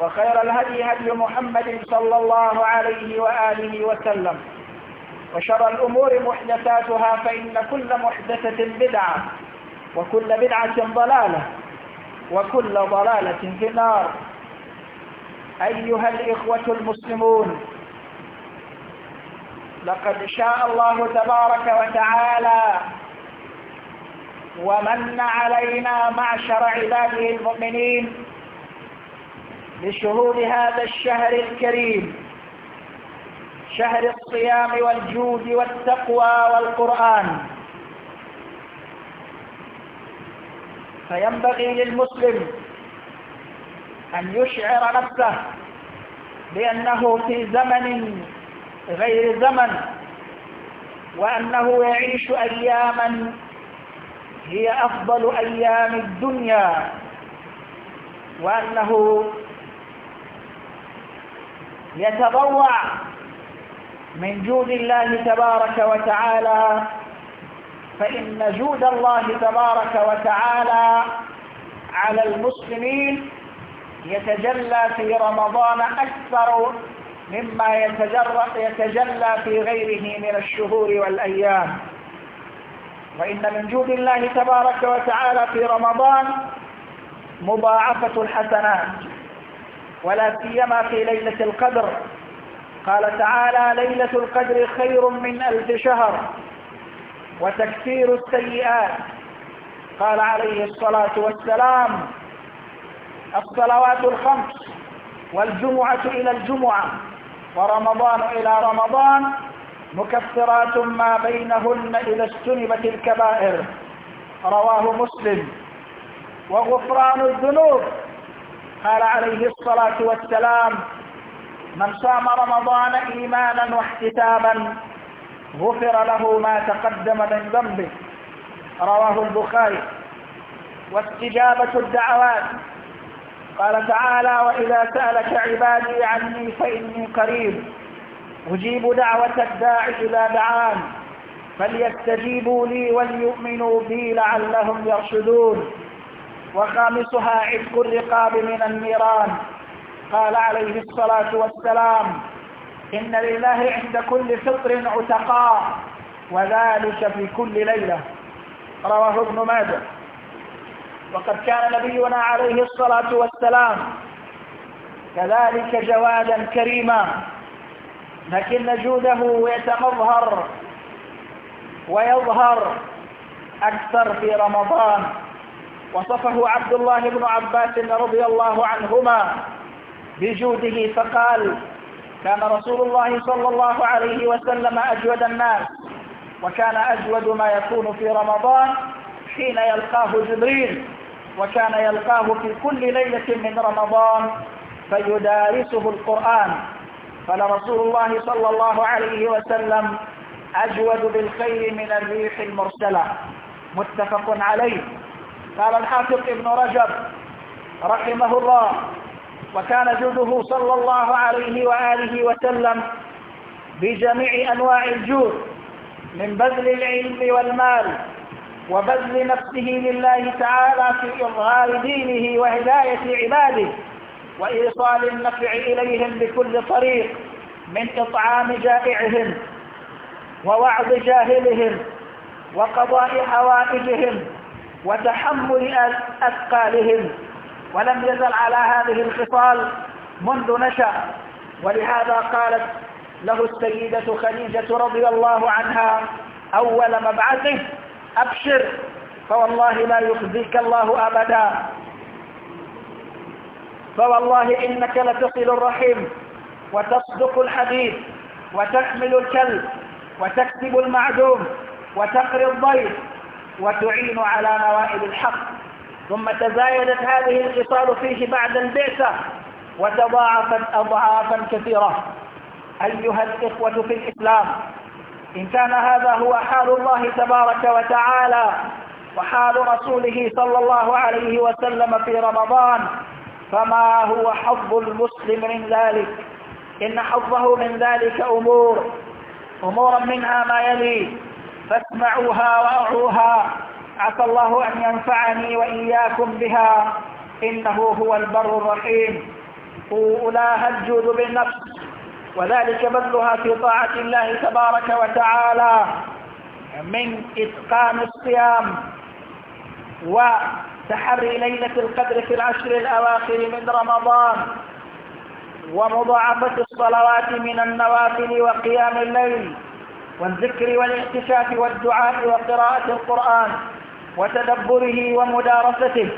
وخير الهدي هدي محمد صلى الله عليه وآله وسلم وشر الأمور محدثاتها فإن كل محدثة بدعة وكل بدعة ضلالة وكل ضلالة في النار أيها الإخوة المسلمون لقد شاء الله تبارك وتعالى ومن علينا معشر عباده المؤمنين لشهور هذا الشهر الكريم شهر الصيام والجود والتقوى والقرآن فينبغي للمسلم أن يشعر نفسه بأنه في زمن غير زمن وأنه يعيش أياما هي أفضل أيام الدنيا وأنه يتضوع من جود الله تبارك وتعالى فإن جود الله تبارك وتعالى على المسلمين يتجلى في رمضان أكثر مما يتجلى في غيره من الشهور والأيام وإن من جود الله تبارك وتعالى في رمضان مضاعفة الحسنات ولا سيما في ليلة القدر قال تعالى ليلة القدر خير من ألف شهر وتكثير السيئات قال عليه الصلاة والسلام الصلوات الخمس والجمعة إلى الجمعة ورمضان إلى رمضان مكفرات ما بينهن إذا اجتنبت الكبائر رواه مسلم وغفران الذنوب قال عليه الصلاة والسلام من صام رمضان إيمانا واحتسابا غفر له ما تقدم من ذنبه رواه البخاري واستجابة الدعوات قال تعالى وإذا سألك عبادي عني فإني قريب أجيب دعوة الداع إذا دعان فليستجيبوا لي وليؤمنوا بي لعلهم يرشدون وخامسها عتق الرقاب من النيران قال عليه الصلاة والسلام إن لله عند كل فطر عتقاء وذلك في كل ليلة رواه ابن ماجه وقد كان نبينا عليه الصلاة والسلام كذلك جوادا كريما لكن جوده يتمظهر ويظهر أكثر في رمضان وصفه عبد الله بن عباس رضي الله عنهما بجوده فقال كان رسول الله صلى الله عليه وسلم أجود الناس وكان أجود ما يكون في رمضان حين يلقاه جبريل وكان يلقاه في كل ليلة من رمضان فيدارسه القرآن فلرسول الله صلى الله عليه وسلم أجود بالخير من الريح المرسلة متفق عليه قال الحافظ ابن رجب رحمه الله وكان جوده صلى الله عليه وآله وسلم بجميع أنواع الجود من بذل العلم والمال وبذل نفسه لله تعالى في إظهار دينه وهداية عباده وإيصال النفع إليهم بكل طريق من إطعام جائعهم ووعظ جاهلهم وقضاء حوائجهم وتحمل أثقالهم ولم يزل على هذه الخصال منذ نشأ ولهذا قالت له السيدة خديجة رضي الله عنها أول مبعثه أبشر فوالله لا يخزيك الله أبدا فوالله إنك لتصل الرحيم وتصدق الحديث وتحمل الكلب وتكسب المعدوم وتقري الضيف وتعين على نوائب الحق ثم تزايدت هذه الخصال فيه بعد البعثة وتضاعفت أضعافا كثيرة أيها الإخوة في الإسلام إن كان هذا هو حال الله تبارك وتعالى وحال رسوله صلى الله عليه وسلم في رمضان فما هو حظ المسلم من ذلك إن حظه من ذلك أمور أمورا منها ما يلي فاسمعوها وأعوها عسى الله أن ينفعني وإياكم بها إنه هو البر الرحيم أولاها الجود بالنفس وذلك بذلها في طاعة الله تبارك وتعالى من إتقان الصيام وتحري ليلة القدر في العشر الأواخر من رمضان ومضاعفة الصلوات من النوافل وقيام الليل والذكر والاحتشاف والدعاء وقراءة القرآن وتدبره ومدارسته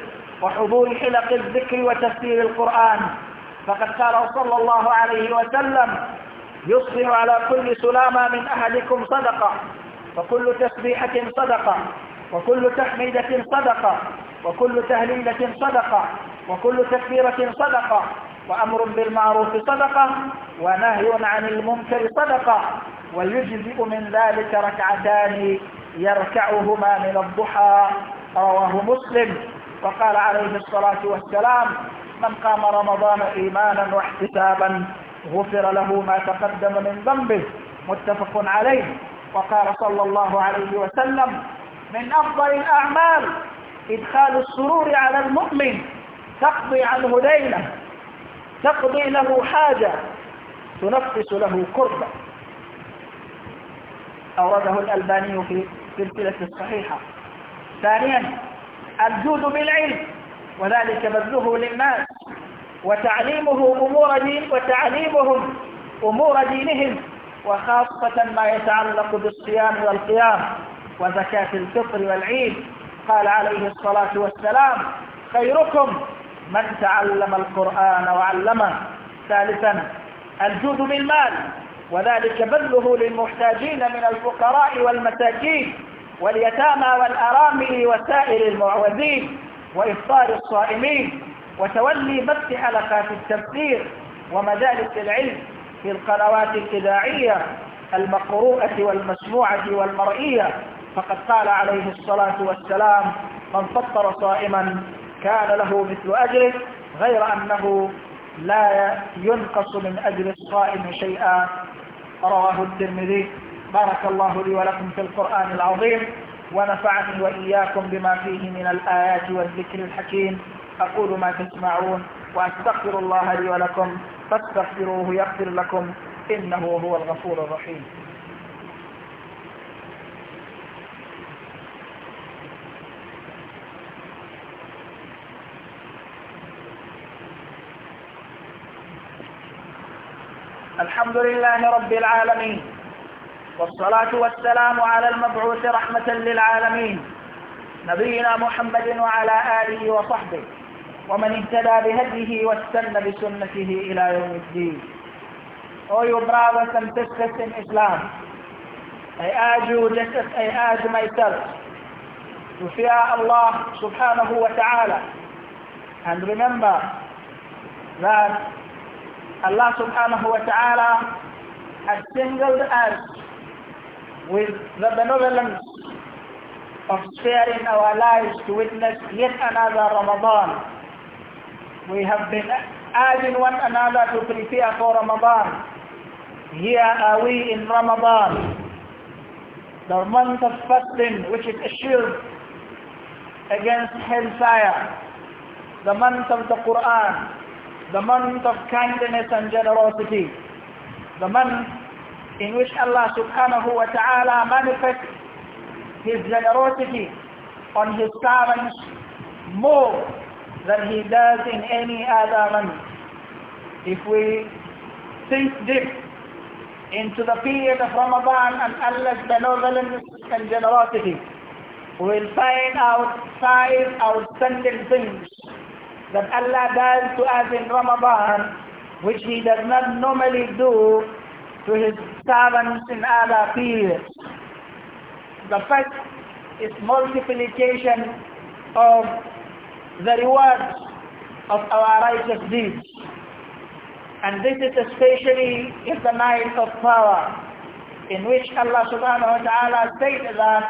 وحضور حلق الذكر وتفسير القرآن فقد قال صلى الله عليه وسلم يصبح على كل سلامة من أحدكم صدقة وكل تسبيحة صدقة وكل تحميدة صدقة وكل تهليلة صدقة وكل تكبيرة صدقة وأمر بالمعروف صدقة ونهي عن المنكر صدقة ويجزئ من ذلك ركعتان يركعهما من الضحى رواه مسلم وقال عليه الصلاة والسلام من قام رمضان إيمانا واحتسابا غفر له ما تقدم من ذنبه متفق عليه وقال صلى الله عليه وسلم من أفضل الأعمال إدخال السرور على المؤمن تقضي عنه ليلة تقضي له حاجة تنفس له كربة أورده الألباني في سلسلة الصحيحة ثانيا الجود بالعلم وذلك بذله للناس وتعليمه أمور دين وتعليمهم أمور دينهم وخاصة ما يتعلق بالصيام والقيام وزكاة الفطر والعيد قال عليه الصلاة والسلام خيركم من تعلم القرآن وعلمه ثالثا الجود بالمال وذلك بذله للمحتاجين من الفقراء والمساكين واليتامى والأرامل وسائر المعوزين وإفطار الصائمين وتولي بث حلقات التفسير ومجالس العلم في القنوات الإذاعية المقروءة والمسموعة والمرئية فقد قال عليه الصلاة والسلام من فطر صائما كان له مثل أجره غير أنه لا ينقص من أجر الصائم شيئا رواه الترمذي بارك الله لي ولكم في القرآن العظيم ونفعني وإياكم بما فيه من الآيات والذكر الحكيم أقول ما تسمعون وأستغفر الله لي ولكم فاستغفروه يغفر لكم إنه هو الغفور الرحيم الحمد لله رب العالمين والصلاة والسلام على المبعوث رحمة للعالمين نبينا محمد وعلى آله وصحبه ومن اهتدى بهديه واستنى بسنته إلى يوم الدين Oh you brothers and sisters in Islam I urge you just as I urge myself to fear Allah subhanahu wa ta'ala and remember that Allah subhanahu wa ta'ala had singled us with the benevolence of sparing our lives to witness yet another Ramadan. We have been urging one another to prepare for Ramadan. Here are we in Ramadan, the month of fasting which is a shield against hellfire, the month of the Quran, the month of kindness and generosity, the month in which Allah subhanahu wa ta'ala manifests His generosity on His servants more than He does in any other month. If we think deep into the period of Ramadan and Allah's benevolence and generosity, we will find out five outstanding things that Allah does to us in Ramadan, which He does not normally do to His servants in other periods. The first is multiplication of the rewards of our righteous deeds. And this is especially in the night of power, in which Allah subhanahu wa ta'ala said that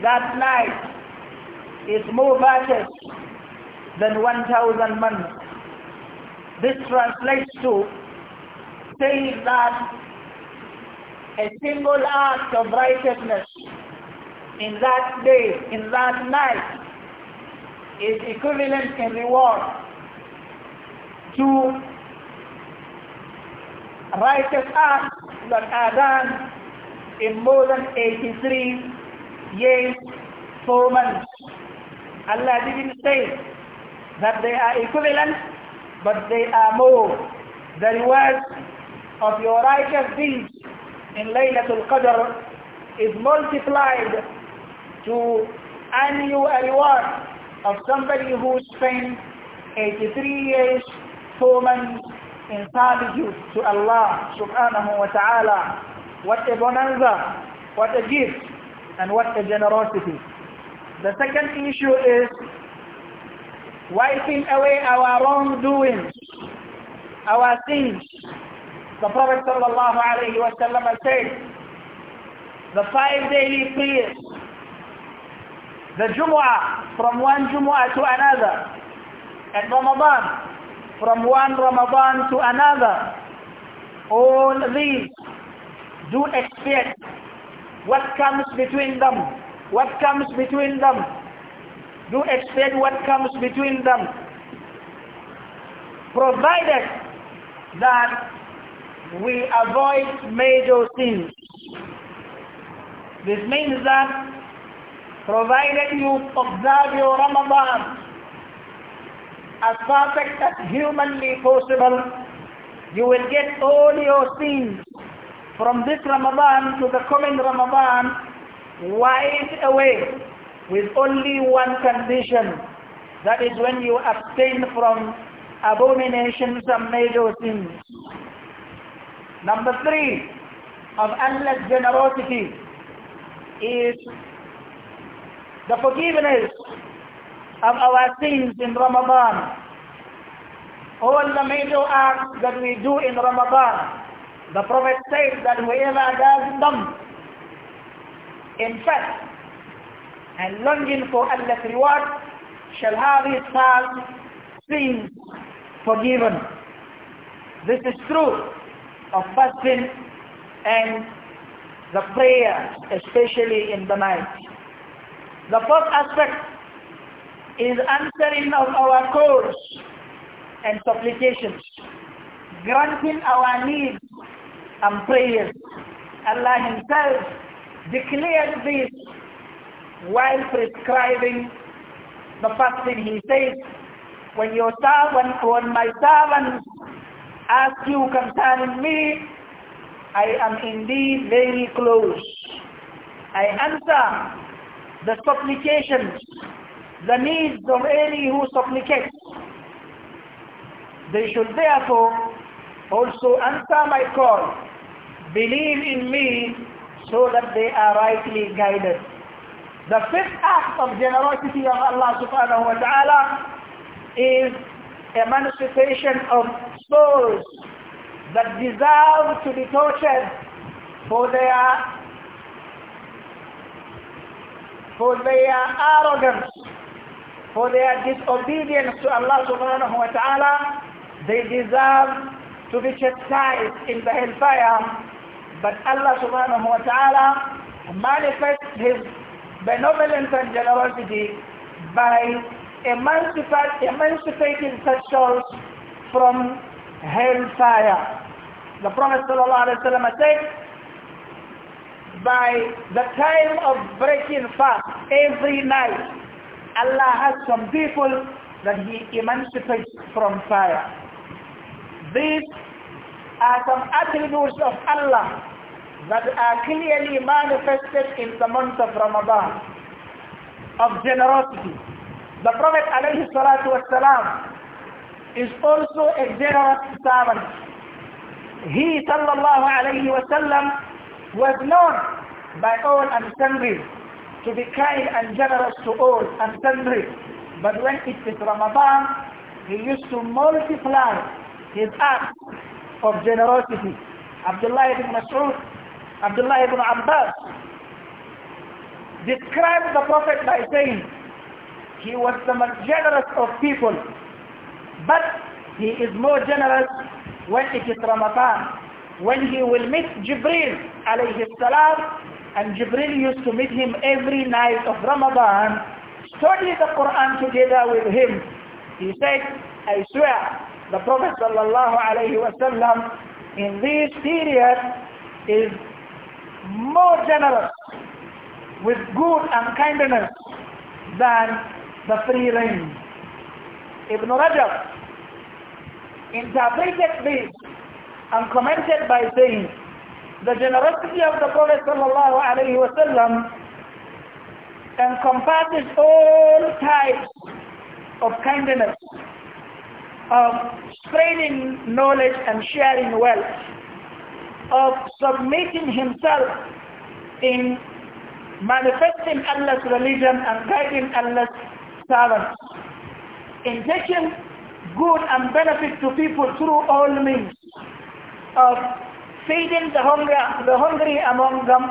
that night is more virtuous than 1,000 months. This translates to saying that a single act of righteousness in that day, in that night, is equivalent in reward to righteous acts that are done in more than 83 years, 4 months. Allah didn't say that they are equivalent, but they are more. The reward of your righteous deeds in Laylatul Qadr is multiplied to earn reward of somebody who spent 83 years, 4 months in servitude to Allah subhanahu wa ta'ala. What a bonanza, what a gift, and what a generosity. The second issue is wiping away our wrongdoings, our sins. The Prophet sallallahu alayhi wa sallam said, the five daily prayers, the Jumu'ah, from one Jumu'ah to another, and Ramadan, from one Ramadan to another, all these do expect what comes between them, what comes between them do expect what comes between them. Provided that we avoid major sins. This means that provided you observe your Ramadan as perfect as humanly possible, you will get all your sins from this Ramadan to the coming Ramadan wiped away with only one condition. That is when you abstain from abominations and major sins. Number three of endless generosity is the forgiveness of our sins in Ramadan. All the major acts that we do in Ramadan, the Prophet said that whoever does them, in fact, and longing for Allah's reward shall have his past sins forgiven. This is true of fasting and the prayer, especially in the night. The first aspect is answering of our calls and supplications, granting our needs and prayers. Allah himself declared this while prescribing the fasting, he says, when your servant, when my servants ask you concerning me, I am indeed very close. I answer the supplications, the needs of any who supplicates. They should therefore also answer my call, believe in me so that they are rightly guided. The fifth act of generosity of Allah subhanahu wa ta'ala is emancipation of souls that deserve to be tortured for their for their arrogance, for their disobedience to Allah subhanahu wa ta'ala, they deserve to be chastised in the hellfire. But Allah subhanahu wa ta'ala manifests his benevolence and generosity by emancipating such souls from hellfire. The Prophet ﷺ said, by the time of breaking fast every night, Allah has some people that He emancipates from fire. These are some attributes of Allah that are clearly manifested in the month of Ramadan of generosity. The Prophet alayhi salatu wasalam is also a generous servant. He sallallahu alayhi wasallam was known by all and sundry to be kind and generous to all and sundry. But when it is Ramadan, he used to multiply his acts of generosity. Abdullah ibn Mas'ud Abdullah ibn Abbas, described the Prophet by saying, he was the most generous of people, but he is more generous when it is Ramadan, when he will meet Jibril alayhi salam, and Jibril used to meet him every night of Ramadan, study the Quran together with him. He said, I swear, the Prophet sallallahu alayhi wasallam in this period is more generous with good and kindness than the free range. Ibn Rajab interpreted this and commented by saying, the generosity of the Prophet sallallahu alaihi wasallam encompasses all types of kindness, of spreading knowledge and sharing wealth of submitting himself in manifesting Allah's religion and guiding Allah's servants, in taking good and benefit to people through all means of feeding the hungry, the hungry among them,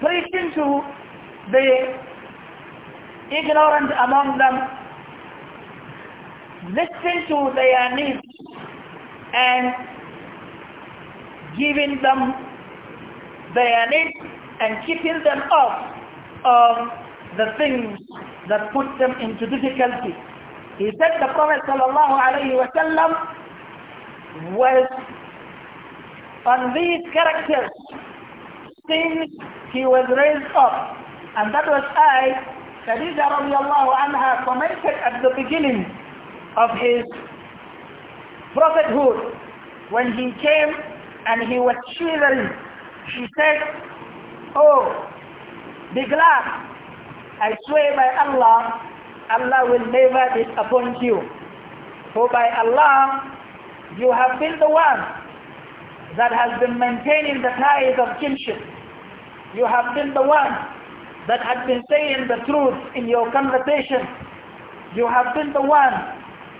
preaching to the ignorant among them, listening to their needs, and giving them their needs and keeping them off of the things that put them into difficulty. He said the Prophet sallallahu alayhi wa sallam was on these characters since he was raised up. And that was I, Khadija radiallahu anha commented at the beginning of his prophethood when he came and he was shivering. She said, oh, be glad. I swear by Allah, Allah will never disappoint you. For by Allah, you have been the one that has been maintaining the ties of kinship. You have been the one that has been saying the truth in your conversation. You have been the one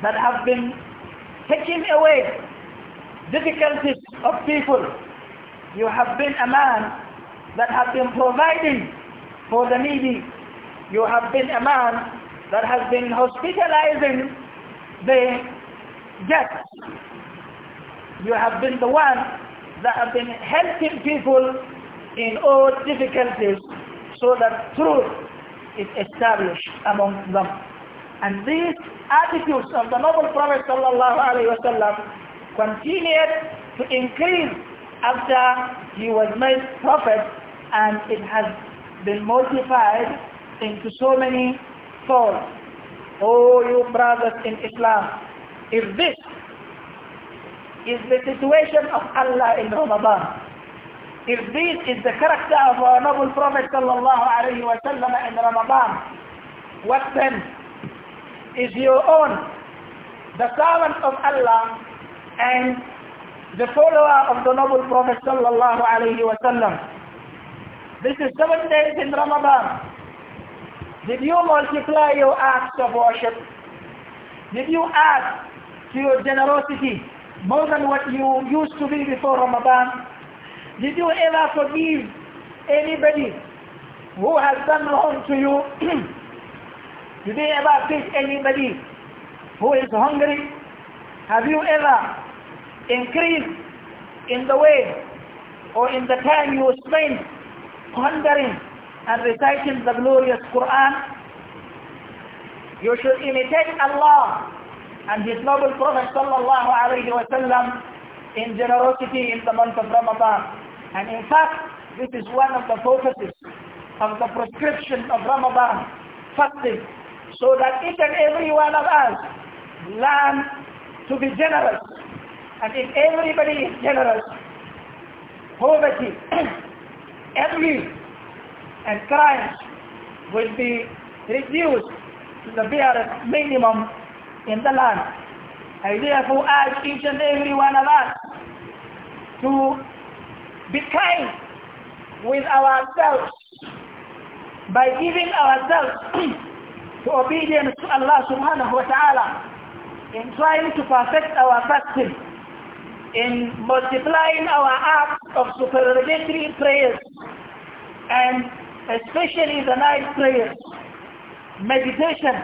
that have been taking away difficulties of people. You have been a man that has been providing for the needy. You have been a man that has been hospitalizing the guests. You have been the one that has been helping people in all difficulties so that truth is established among them. And these attitudes of the noble Prophet sallallahu alaihi wasallam continued to increase after he was made prophet and it has been multiplied into so many folds. Oh, you brothers in Islam, if this is the situation of Allah in Ramadan, if this is the character of our noble Prophet sallallahu alayhi wa sallam in Ramadan, what then is your own? The servant of Allah and the follower of the noble Prophet sallallahu alayhi wa sallam. This is seven days in Ramadan. Did you multiply your acts of worship? Did you add to your generosity more than what you used to be before Ramadan? Did you ever forgive anybody who has done wrong to you? Did you ever feed anybody who is hungry? Have you ever increase in the way or in the time you spend pondering and reciting the glorious Quran. You should imitate Allah and His noble Prophet sallallahu alayhi wa sallam in generosity in the month of Ramadan. And in fact, this is one of the purposes of the prescription of Ramadan, fasting, so that each and every one of us learn to be generous and if everybody is generous, poverty, envy, and crime will be reduced to the barest minimum in the land. I therefore ask each and every one of us to be kind with ourselves by giving ourselves to obedience to Allah subhanahu wa ta'ala in trying to perfect our fasting in multiplying our acts of supererogatory prayers and especially the night prayers, meditation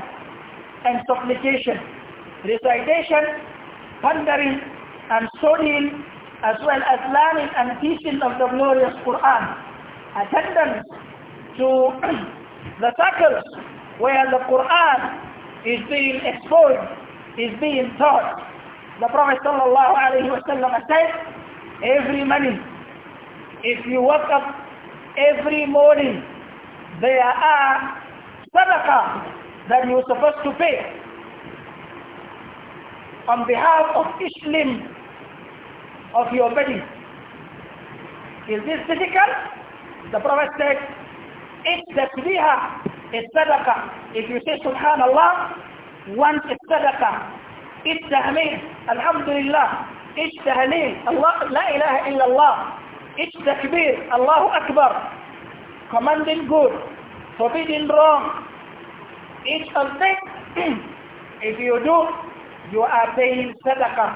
and supplication, recitation, pondering and studying as well as learning and teaching of the glorious Quran, attendance to the circles where the Quran is being exposed, is being taught, the Prophet sallallahu alayhi wa sallam said, every morning, if you wake up every morning, there are sadaqah that you're supposed to pay on behalf of each limb of your body. Is this difficult? The Prophet said, it's the tasbihah, is sadaqah. If you say subhanallah, once it's sadaqah. التهمين الحمد لله ايش تهليل الله لا إله إلا الله ايش تكبير الله أكبر commanding good forbidding wrong each of them if you do you are paying sadaqah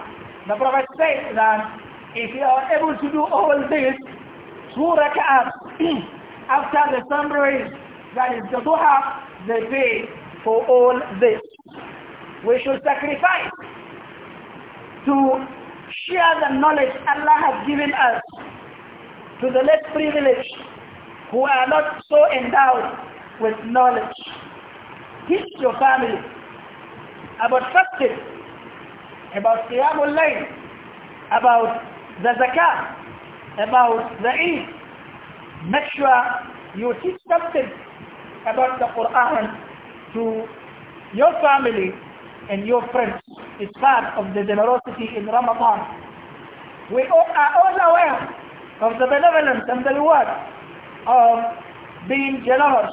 the prophet said that if you are able to do all this two rak'ahs after the sunrise that is the duha they pay for all this We should sacrifice to share the knowledge Allah has given us to the less privileged who are not so endowed with knowledge. Teach your family about fasting, about Qiyamul Layl, about the Zakah, about the Eid. Make sure you teach something about the Quran to your family and your friends is part of the generosity in Ramadan. We all are all aware of the benevolence and the reward of being generous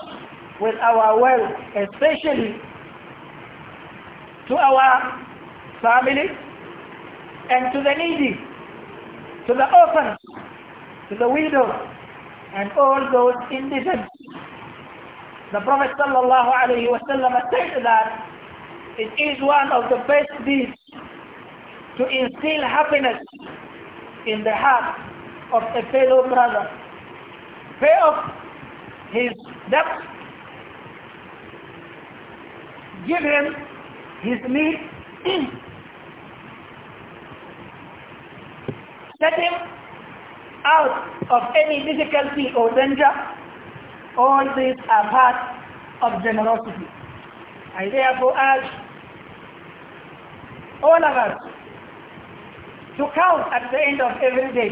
with our wealth, especially to our family and to the needy, to the orphans, to the widow, and all those indigent. The Prophet sallallahu alayhi wa sallam said that it is one of the best deeds to instill happiness in the heart of a fellow brother. Pay off his debt. Give him his need. Set him out of any difficulty or danger. All these are part of generosity. I therefore urge all of us, to count at the end of every day.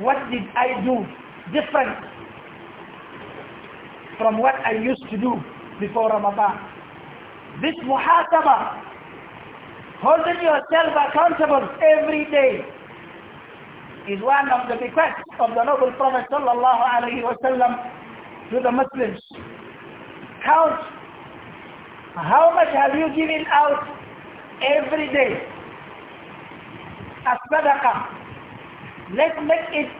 What did I do different from what I used to do before Ramadan? This muhasaba, holding yourself accountable every day, is one of the bequests of the noble Prophet sallallahu alaihi wasallam to the Muslims. Count how much have you given out every day as sadaqah. Let's make it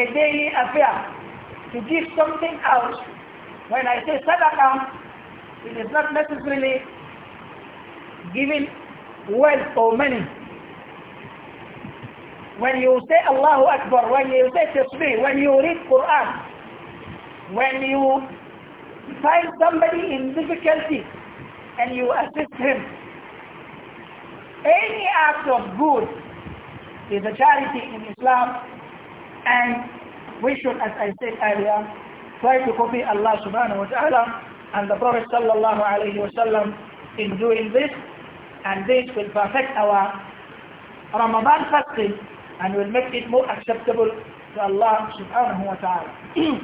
a daily affair to give something out. When I say sadaqah, it is not necessarily giving wealth or money. When you say Allahu Akbar, when you say Tasbih, when you read Quran, when you find somebody in difficulty and you assist him, any act of good is a charity in Islam and we should, as I said earlier, try to copy Allah subhanahu wa ta'ala and the Prophet sallallahu alayhi wa sallam in doing this and this will perfect our Ramadan fasting and will make it more acceptable to Allah subhanahu wa ta'ala.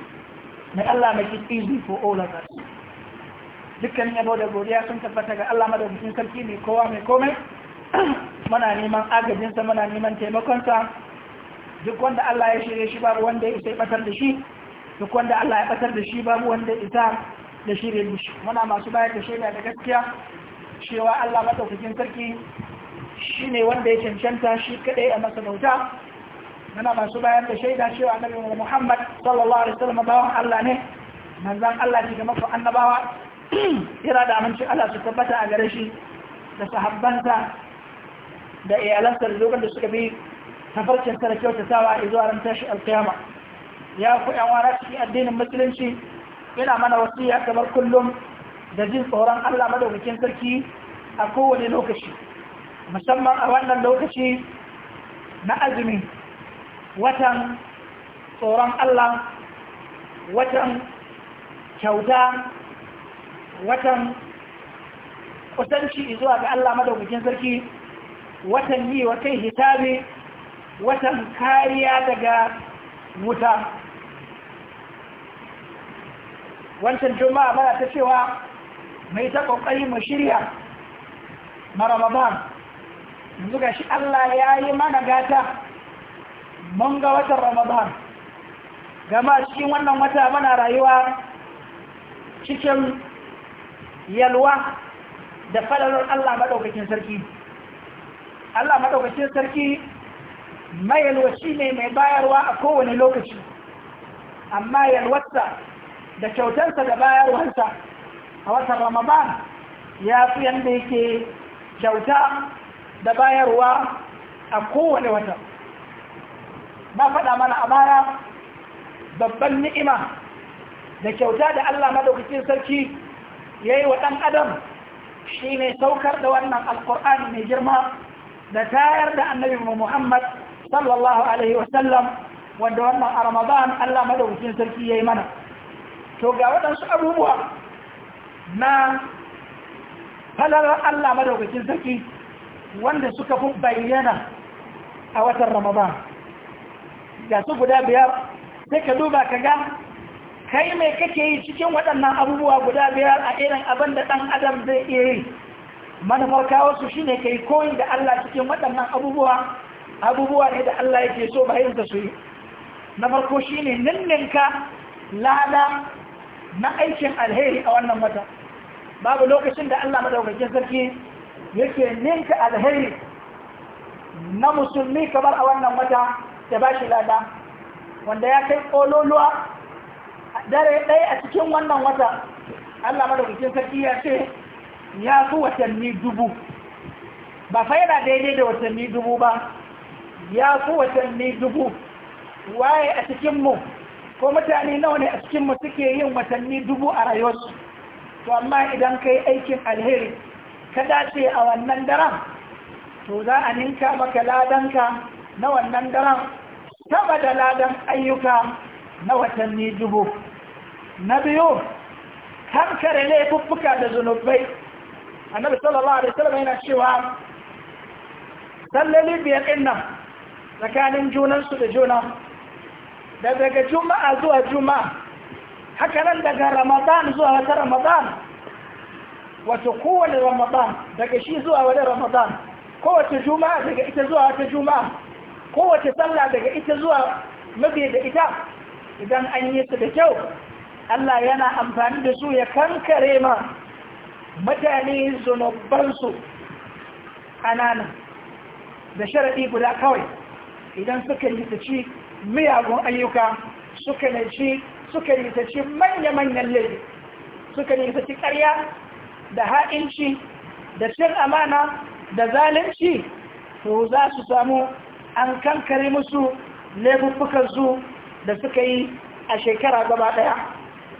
May Allah make it easy for all of us. Dukkan yabo da godiya sun tabbata ga Allah madaukakin sarki mai kowa mai komai muna neman agajinsa muna neman taimakonsa duk wanda Allah ya shirye shi babu wanda ya isa batar da shi duk wanda Allah ya batar da shi babu wanda isa da shirye da shi muna masu bayar da shaida da gaskiya cewa Allah madaukakin sarki shi ne wanda ya cancanta shi kadai a masa bauta muna masu bayar da shaida cewa annabi Muhammad sallallahu alaihi wasallam bawan Allah ne manzon Allah ne ga mafi annabawa kira da aminci Allah su tabbata a gare shi da sahabbansa da iyalansa da da suka bi tafarcin sa da kyautatawa a zuwa ran tashi alkiyama ya ku yan wara cikin addinin musulunci yana mana wasiya kamar kullum da jin tsoron Allah madaukakin sarki a kowane lokaci musamman a wannan lokaci na azumi watan tsoron Allah watan kyauta watan kusanci zuwa ga Allah madaukakin sarki watan yi kai hisabi watan kariya daga wuta wancan juma'a mana ta cewa mai ta kokari mu shirya na ramadan yanzu ga shi Allah ya yi mana gata mun ga watan ramadan gama cikin wannan wata mana rayuwa cikin yalwa da falalar Allah maɗaukakin sarki Allah madaukakin sarki mai yalwaci ne mai bayarwa a kowane lokaci amma yalwarsa da kyautarsa da bayarwarsa a watan ramadan ya fi yadda yake kyauta da bayarwa a kowane wata ba faɗa mana a baya babban ni'ima da kyauta da Allah madaukakin sarki ya yi wa ɗan adam shi ne saukar da wannan alkur'ani mai girma da tayar da annabi Muhammad sallallahu alaihi wasallam wanda wannan a Ramadan Allah madaukakin sarki yayi mana to ga wadansu abubuwa na falalar Allah madaukakin sarki wanda suka fi bayyana a watan Ramadan ga su guda biyar sai ka duba ka ga kai mai kake yi cikin waɗannan abubuwa guda biyar a irin abin da ɗan adam zai iya yi manufar wasu shi ne kai koyi da Allah cikin waɗannan abubuwa abubuwa ne da Allah yake so ba bayansa su yi na farko shi ne ninninka lada na aikin alheri a wannan wata babu lokacin da Allah madaukakin sarki yake ninka alheri na musulmi kamar a wannan wata da ba shi lada wanda ya kai ƙololuwa dare ɗaya a cikin wannan wata Allah madaukakin sarki ya ce ya fi watanni dubu ba fa yana daidai da watanni dubu ba ya fi watanni dubu waye a cikinmu ko mutane nawa ne a cikinmu suke yin watanni dubu a rayuwarsu to amma idan ka yi aikin alheri ka dace a wannan daren to za a ninka maka ladanka na wannan daren sama da ladan ayyuka na watanni dubu na biyu kankare laifuffuka da zunubai annabi sallallahu alaihi wasallam yana cewa sallali biyar din tsakanin junansu da juna da daga juma'a zuwa juma'a haka nan daga ramadan zuwa wata ramadan wato kowane ramadan daga shi zuwa wani ramadan kowace juma'a daga ita zuwa wata juma'a kowace sallah daga ita zuwa mabiya da ita idan an yi su da kyau Allah yana amfani da su ya kankare ma mutane zunubansu ƙananan da sharaɗi guda kawai idan suka litaci miyagun ayyuka suka litaci suka litaci manya-manyan laifi suka litaci ƙarya da ha'inci da cin amana da zalunci to za su samu an kankare musu laifuffukansu da suka yi a shekara gaba ɗaya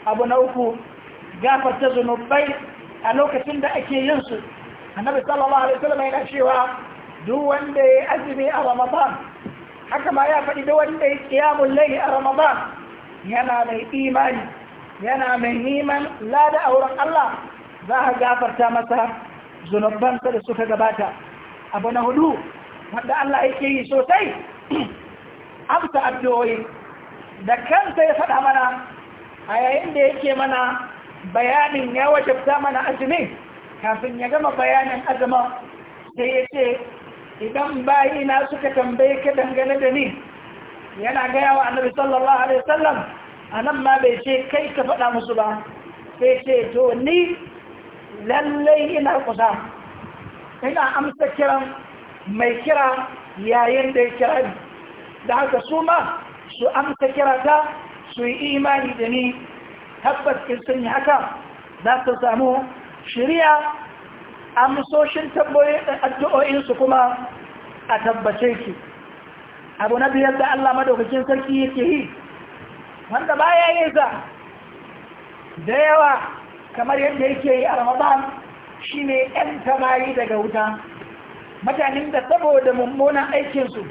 abu na uku gafarta zunubai a lokacin da ake yin su annabi sallallahu alaihi wasallam yana cewa duk wanda ya azumi a ramadan haka ma ya faɗi duk wanda ya kiyamun layi a ramadan yana mai imani yana mai neman lada a wurin Allah za a gafarta masa zunubansa da suka gabata abu na hudu wanda Allah yake yi sosai amsa addu'o'i da kansa ya faɗa mana a yayin da yake mana bayanin ya wajabta mana azumi kafin ya gama bayanin azuma sai ya ce idan na suka tambaye ka dangane da ni yana gaya wa annabi sallallahu alaihi wasallam a ma bai ce kai ka faɗa musu ba sai ce to ni lallai ina kusa ina amsa kira mai kira yayin da ya kira da haka su ma su amsa kirata su yi imani da ni tabbas in sun yi haka za su samu shirya amsoshin addu'o'insu kuma a tabbace ki abu na biyar da Allah madaukakin sarki yake yi wanda baya yin sa da yawa kamar yadda yake yi a ramadan shine yan tamari daga wuta mutanen da saboda mummunan aikinsu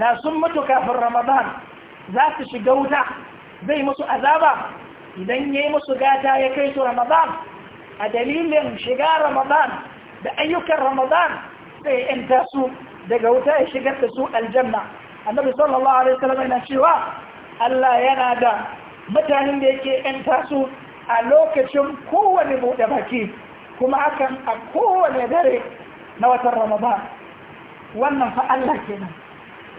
da sun mutu kafin ramadan za su shiga wuta zai musu azaba idan ya yi musu gata ya kai su ramadan a dalilin shiga ramadan da ayyukan ramadan sai yanta su daga wuta ya shigar da su aljanna annabi sallallahu alaihi wasallam yana cewa Allah yana da mutanen da yake yanta su a lokacin kowane buɗe baki kuma hakan a kowane dare na watan ramadan wannan fa Allah kenan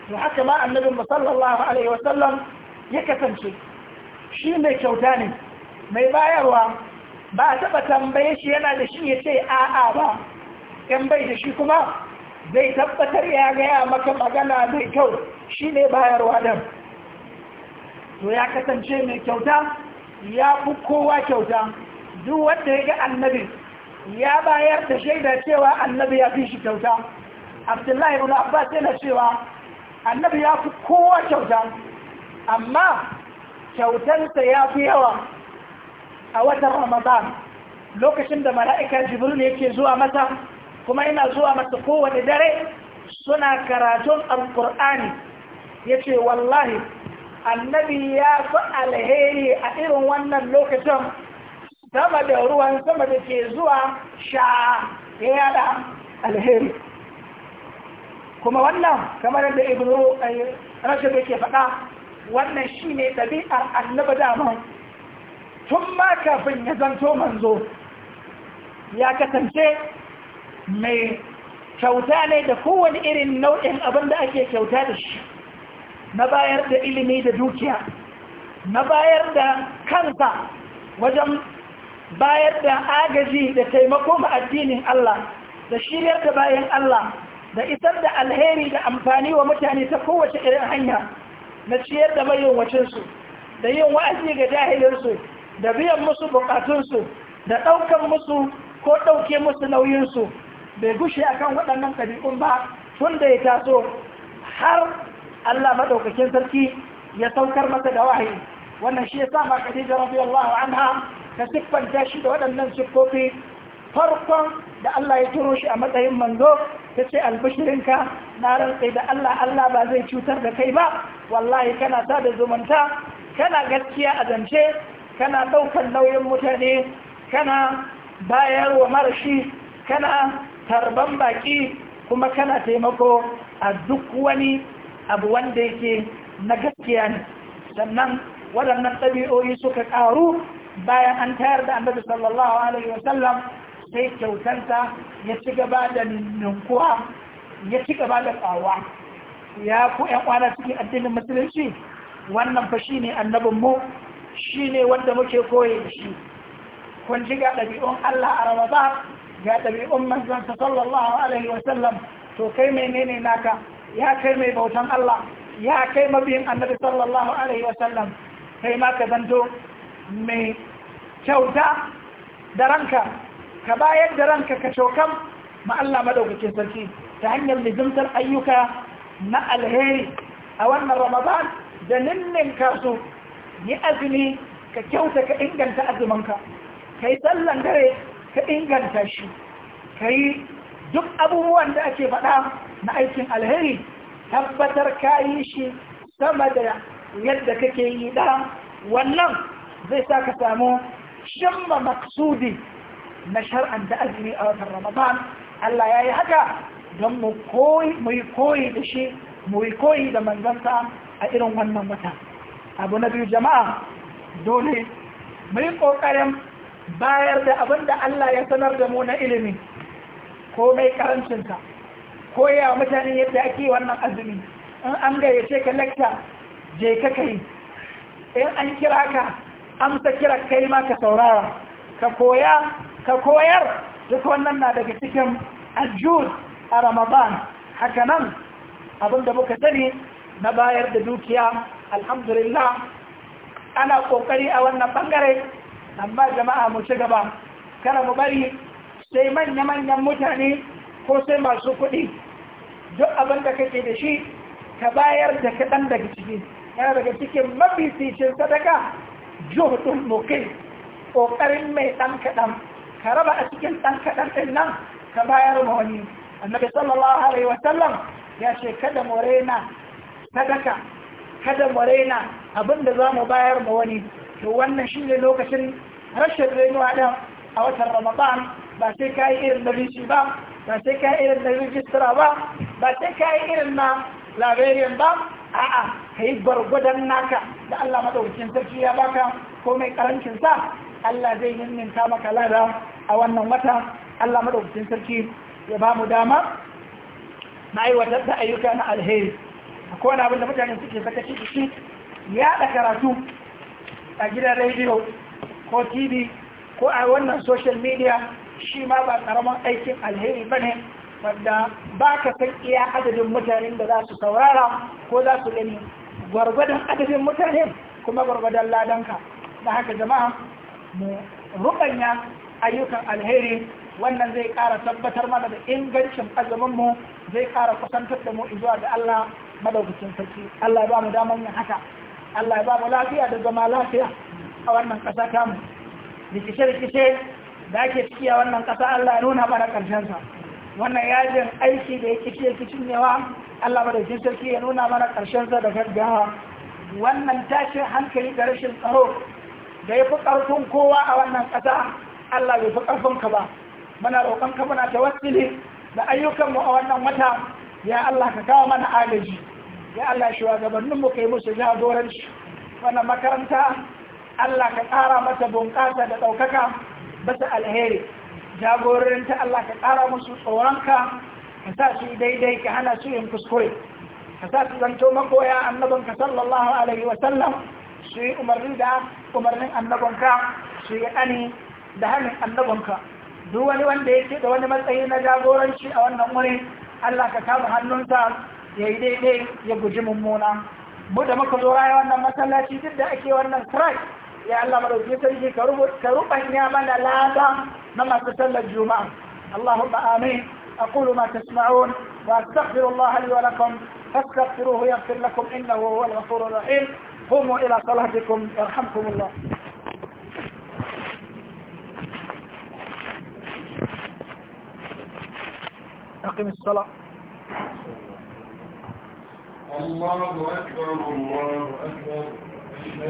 to haka ma annabin sallallahu alaihi wasallam ya kasance shi mai kyauta ne mai bayarwa ba a taɓa tambaye shi yana da shi ya ce a'a ba in bai da shi kuma zai tabbatar ya gaya maka magana mai kyau shi ne bayarwa ɗin to ya kasance mai kyauta ya fi kowa kyauta duk wanda ya ga annabi ya bayar da shaida cewa annabi ya fi shi kyauta abdullahi ibn abbas yana cewa annabi ya fi kowa kyauta amma kyautarsa ya fi yawa a watan ramadan lokacin da mala'ika jibril yake zuwa mata kuma yana zuwa mata kowane dare suna karatun alkur'ani ya ce wallahi annabi ya fi alheri a irin wannan lokacin sama da ruwan sama da ke zuwa sha'a ya yada alheri kuma wannan kamar da ibn rashid yake faɗa wannan shi ne ɗabi'ar annaba dama tun ma kafin ya zanto manzo ya kasance mai kyauta ne da kowane irin nau'in abin da ake kyauta da shi na bayar da ilimi da dukiya na bayar da kansa wajen bayar da agaji da taimako ma addinin Allah da shiryar da bayan Allah da isar da alheri da amfani wa mutane ta kowace irin hanya na ciyar da mayunwacinsu da yin wa'azi ga jahilinsu da biyan musu bukatunsu da ɗaukan musu ko ɗauke musu nauyinsu bai gushe akan waɗannan ɗabi'un ba tun da ya taso har Allah maɗaukakin sarki ya saukar masa da wahayi wannan shi ya sa ma Khadija radiyallahu anha ta siffanta shi da waɗannan siffofi farkon da Allah ya turo shi a matsayin manzo ta ce albashirinka na rantsai da Allah Allah ba zai cutar da kai ba wallahi kana sa da zumunta kana gaskiya a zance kana ɗaukar nauyin mutane kana bayar wa marashi kana tarban baƙi kuma kana taimako a duk wani abu wanda yake na gaskiya ne sannan waɗannan ɗabi'o'i suka ƙaru bayan an tayar da annabi sallallahu alaihi wasallam sai kyautanta ya ci gaba da ninkuwa ya ci gaba da tsawa ya ku yan kwana cikin addinin musulunci wannan fa ne annabin mu shine wanda muke koye da shi kun ji ga ɗabi'un Allah a Ramadan ga ɗabi'un manzansa sallallahu alaihi wa to kai menene naka ya kai mai bautan Allah ya kai mabiyin annabi sallallahu alaihi wa kai ma ka zanto mai kyauta da ranka ka bayar da ranka ka cokan ma Allah madaukakin sarki ta hanyar nizimtar ayyuka na alheri a wannan ramadan da ninnin kasu yi azumi ka kyauta ka inganta azumanka ka yi sallan dare ka inganta shi ka yi duk abubuwan da ake faɗa na aikin alheri tabbatar ka yi shi sama da yadda kake yi ɗan wannan zai sa ka samu shimma maksudi na shar'an da azumi a watan ramadan Allah ya yi haka don mu yi koyi da shi mu yi koyi da manzanta a irin wannan wata abu na biyu jama'a dole mu yi ƙoƙarin bayar da abin da Allah ya sanar da mu na ilimi ko mai karancinsa koya mutane yadda ake wannan azumi in an gayyace ka lakta je ka kai in an kira ka amsa kira kai ma ka saurara ka koya ka koyar duk wannan na daga cikin ajiyar a ramadan haka nan abinda muka sani na bayar da dukiya alhamdulillah ana kokari a wannan bangare amma jama'a mu ci gaba kada mu bari sai manya-manyan mutane ko sai masu kuɗi duk abinda kake da shi ka bayar da kaɗan daga ciki yana daga cikin mafi sadaka juhudun mukin ƙoƙarin mai ɗan kaɗan ka raba a cikin ɗan kaɗan ɗin nan ka bayar ma wani annabi sallallahu alaihi wasallam ya ce kada mu raina sadaka kada mu raina abin da za mu bayar ma wani to wannan shi ne lokacin rashin rainuwa ɗin a watan ramadan ba sai ka yi irin na ba ba sai ka yi irin na rijistara ba ba sai ka yi irin na labariyan ba a'a ka yi gwargwadon naka da Allah madaukakin sarki ya baka ko mai sa Allah zai ninninka maka lada a wannan wata Allah madaukakin sarki ya ba mu dama na aiwatar da ayyuka na alheri akwai abin da mutane suke saka ciki yaɗa karatu a gidan rediyo ko tv ko a wannan social media shi ma ba karamin aikin alheri ba ne wadda ba ka san iya adadin mutanen da za su saurara ko za su gani gwargwadon adadin mutane kuma gwargwadon ladanka da haka jama'a mu ruɓanya ayyukan alheri wannan zai ƙara tabbatar mana da ingancin azuminmu zai ƙara kusantar da mu zuwa ga Allah madaukakin sarki Allah ya ba mu damar yin haka Allah ya ba mu lafiya da zama lafiya a wannan ƙasa tamu rikice-rikice da ake ciki a wannan ƙasa Allah ya nuna mana ƙarshensa wannan yajin aiki da ya ya kicin newa Allah madaukakin sarki ya nuna mana ƙarshensa da gaggawa wannan tashin hankali da rashin tsaro da ya fi ƙarfin kowa a wannan ƙasa Allah bai fi ƙarfinka ba muna roƙonka muna tawassuli da ayyukanmu a wannan wata ya Allah ka kawo mana agaji ya Allah mu kai musu jagoranci wannan makaranta Allah ka ƙara mata bunƙasa da ɗaukaka bisa alheri ta, Allah ka ƙara musu tsoronka ka sa su daidai ka hana su yin kuskure ka sa su zanto makoya annabinka sallallahu alaihi wa sallam su umarni da umarnin annabonka ani da hannun annabonka duk wani wanda ya yake da wani matsayi na jagoranci a wannan wuri Allah ka kama hannunsa ya yi daidai ya guji mummuna mu da muka zo raya wannan masallaci duk da ake wannan strike ya Allah madauki sarki ka rubanya mana lada na masu sallar juma'a Allahumma amin أقول ما تسمعون وأستغفر الله لي ولكم فاستغفروه يغفر لكم إنه هو الغفور الرحيم قوموا إلى صلاتكم يرحمكم الله أقم الصلاة الله أكبر الله أكبر